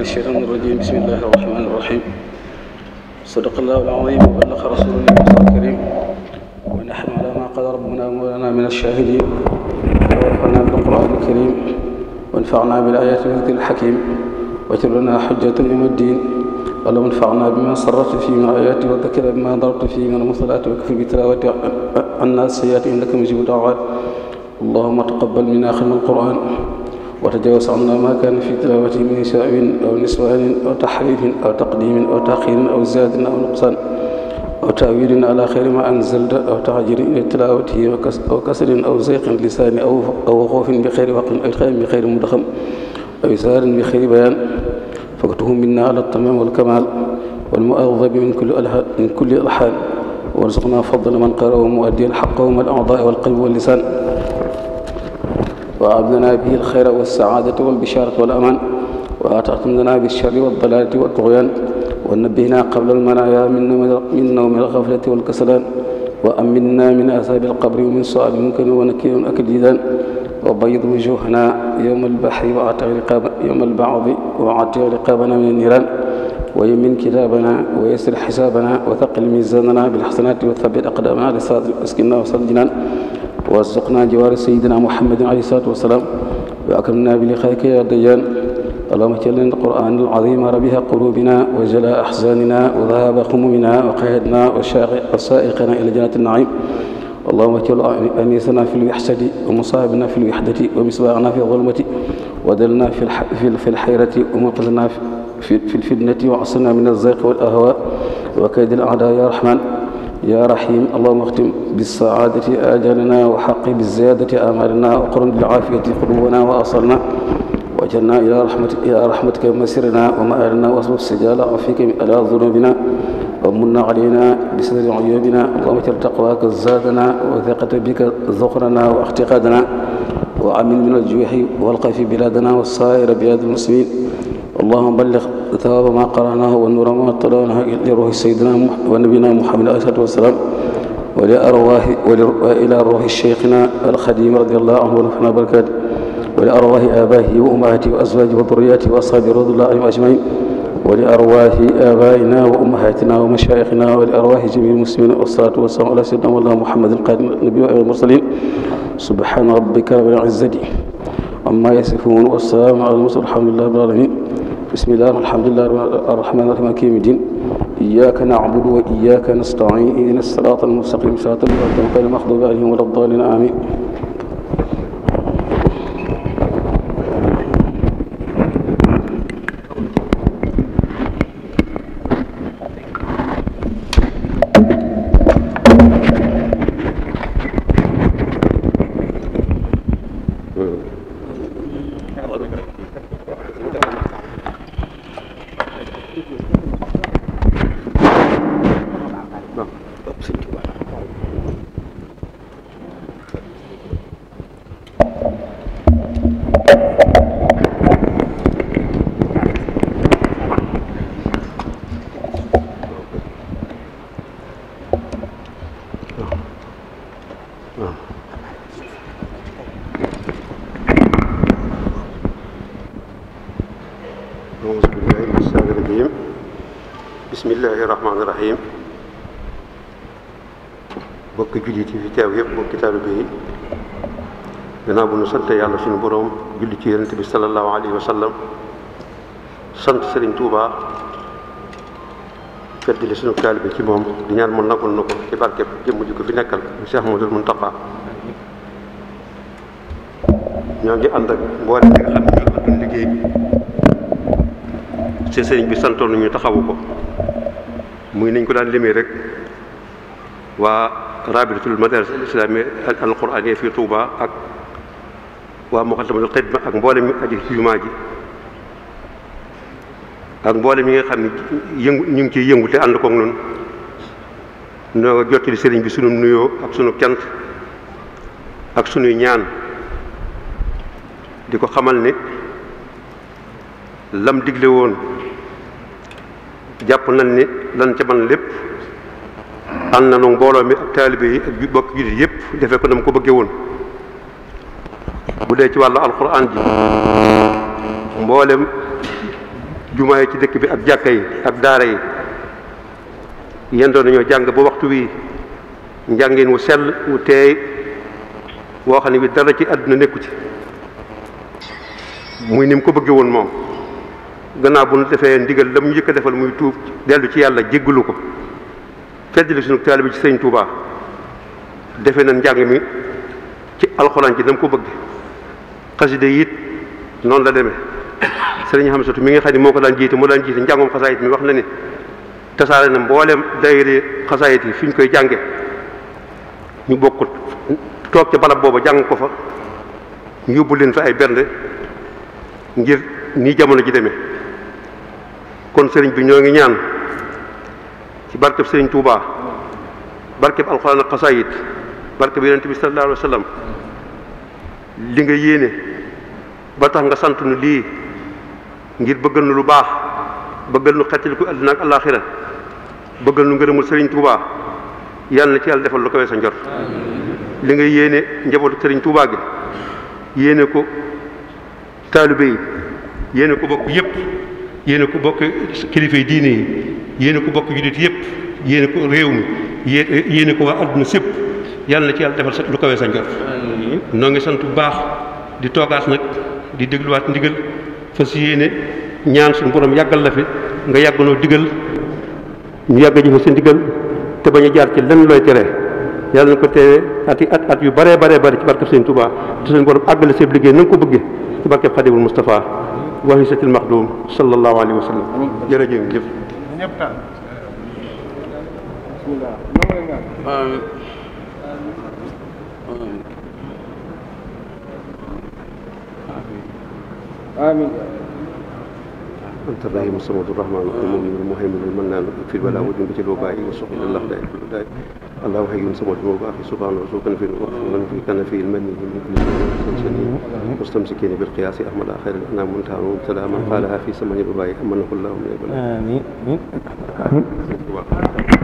الشيطان الرجيم بسم الله الرحمن الرحيم صدق الله العظيم وبلغ رسوله المصطفى الكريم ونحن على ما قال ربنا مولانا من الشاهدين ووفقنا بالقران الكريم وانفعنا بالآيات والذكر الحكيم واجعل لنا حجة يوم الدين اللهم انفعنا بما صرفت فيه من آيات وذكر بما ضربت فيه من المصلات وكفر بتلاوة عنا السيئات إنك مجيب الدعوات اللهم تقبل منا خدمة القرآن وتجاوز عنا ما كان في تلاوته من نساء أو نسوان أو تحريف أو تقديم أو تأخير أو زاد أو نقصان aw taawilin ala xayri ma anzalta aw taxjirin ila tilaawatihi aw kasrin aw zayqin lisaani aw xoofin bi xayri waqin aw itxaamin bi xayri mudaxam aw isaarin bi xayri bayaan faktuhu minna ala tamaam wal kamaal wal mu'azabi min kulli alhaan min kulli alhaan warzuqna fadla man qara wa muaddiyan xaqa wa mal adaa wal qalbi wal lisaan wa abdana bihi alxayra wa saadata wal bishaarata wal amaan wa ataxtum lana bi sharri wa dalaati wa tuxyaan ونبهنا قبل المنايا من نوم الغفلة والكسلان وأمنا من أثاب القبر ومن سؤال ممكن ونكيل أكديدان وبيض وجوهنا يوم البحر وعتق رقاب يوم البعض وعتق رقابنا من النيران ويمن كتابنا ويسر حسابنا وثقل ميزاننا بالحسنات وثبت أقدامنا على الصراط المستقيم وصل الجنان وارزقنا جوار سيدنا محمد عليه الصلاة والسلام وأكرمنا بلقائك يا ديان اللهم جل القرآن العظيم ربها قلوبنا وجلاء أحزاننا وذهاب همومنا وقيدنا وسائقنا إلى جنة النعيم اللهم جل أنيسنا في الوحشة ومصاحبنا في الوحدة ومصباحنا في الظلمة ودلنا في في الحيرة ومنقذنا في في الفتنة وعصرنا من الزيق والأهواء وكيد الأعداء يا رحمن يا رحيم اللهم اختم بالسعادة آجالنا وحق بالزيادة آمالنا وقرن بالعافية قلوبنا وأصلنا واجرنا إلى رحمتك إلى رحمتك مسرنا ومآلنا واصبب سجال عفيك على ذنوبنا ومن علينا بسر عيوبنا اللهم اجعل تقواك زادنا وثقة بك ذخرنا واعتقادنا وعمل من الجوح والقف بلادنا والسائر بلاد المسلمين اللهم بلغ ثواب ما قرأناه والنور ما طلعناه لروح سيدنا ونبينا محمد عليه الصلاة والسلام ولأرواح وإلى روح شيخنا الخديم رضي الله عنه ورحمه وبركاته ولأرواح آبائه وأمهاته وأزواجه وذرياته وأصحابه رضي الله عنهم أجمعين ولأرواح آبائنا وأمهاتنا ومشايخنا ولأرواح جميع المسلمين والصلاة والسلام على سيدنا مولانا محمد القادم النبي والمرسلين سبحان ربك رب العزة عما يصفون والسلام على المرسلين الحمد لله رب العالمين بسم الله الحمد لله الرحمن الرحيم مالك يوم الدين إياك نعبد وإياك نستعين إهدنا الصراط المستقيم صراط الذين أنعمت عليهم غير المغضوب عليهم ولا الضالين آمين bismillaahi rahmaani rahiim bokki jullit yi fi teew yëpp bokki taalibe yi ginnaaw bu nu sante yàlla suñu boroom julli ci yonent bi sallallahu alayhi wa sallam sant Serigne Touba feddali suñu taalibe ci moom di ñaan mu nagul na ko ci barke jëmm ji ko fi nekkal Cheikh Ahmadul Muntaqa ñoo ngi ànd ak mboolem ñi nga xam ne ñoo liggéey bi ci sëriñ bi santoon nañu taxawu ko muy niñ ko daan limee rek waa rabitatul madaris al islamiyya al quraaniyya fii Touba waa Muxaddamatul Xidma ak mboolem mi aju ci jumaa ji ak mboolem yi nga xam ne yëngu ñu ngi ciy yëngu te ànd koog noonu noo nga sëriñ bi sunu nuyoo ak sunu kent ak sunuy ñaan di ko xamal ni lam digle woon jàpp nañ ni lan ca man lépp ànd na nu mbooloo mi ak taalibe yi ak bokk jullit yépp defe ko na ko bëggee woon bu dee ci wàllu alquran ji mboolem jumaa yi ci dëkk bi ak jàkka yi ak daara yi yendoo nañoo jàng ba waxtu wi njàngin wu sell wu teey woo xam ne bi dara ci àdduna nekku ci muy ni mu ko bëggee woon moom gannaaw bu nu defee ndigal la mu njëkk a defal muy tuub dellu ci yàlla jéggalu ko feddali sunu taalibe bi ci sëñ Tuubaa defe na njàng mi ci alxuraan ji dam ko bëgge xasida it noonu la demee sëriñ Xamsatu mi nga xam ne moo ko daan jiite moo daan jiite njàngum xasaayit mi wax na ni tasaare na mbooleem daayira xasaayit yi fi ñu koy jànge ñu bokkut toog ca barab booba jàng ko fa ñu yóbbu leen fa ay bernde ngir nii jamono ji demee kon sëriñ bi ñoo ngi ñaan ci barkeb sëriñ Touba barkeb alxuraan ak xasaayit barkeb yonent bi sallallahu alayhi li nga yéene ba tax nga sant nu lii ngir bëggal nu lu baax bëggal nu xettaliku àddina ak àllaaxira bëggal nu ngërëmul sëriñ Touba yàlla na ci yàlla defal lu kawee sa njort li nga yéene njabootu sëriñ Touba gi ko taalibe yi yéene ko bokk yépp yéene ko bokk kilifa yi diine yi yéene ko bokk jullit yépp réew mi yéene ko waa sépp yàlla na ci yàlla defal sa lu sant bu baax di toogaas nag di dégluwaat ndigal fas yéene ñaan suñu borom yàggal la fi nga yàgganoo digal ñu yàgg ji fa sa ndigal te bañ a jaar ci lenn looy tere yàlla na ko teewee at yi at yu baree baree bari ci barkeb Sëriñ Tuubaa te suñu borom àggale seen liggéey na nga ko bëggee ci barkeb Xaadimul Mustafaa wa hisatil maxduum sallallahu alayhi wa sallam jërëjëf jëf آمين أنت الرحيم الصمد الرحمن الرحيم المؤمن المهيمن المنان اكفر ولا ود بجل وباء وسقي الله لا يكفر داء الله حي صمد وباخي سبحان رسول كان في من في كان في المن والسنين مستمسكين بالقياس احمد خير الانام منتهى وابتلى من قالها في سمن الوباء امنه الله من آمين آمين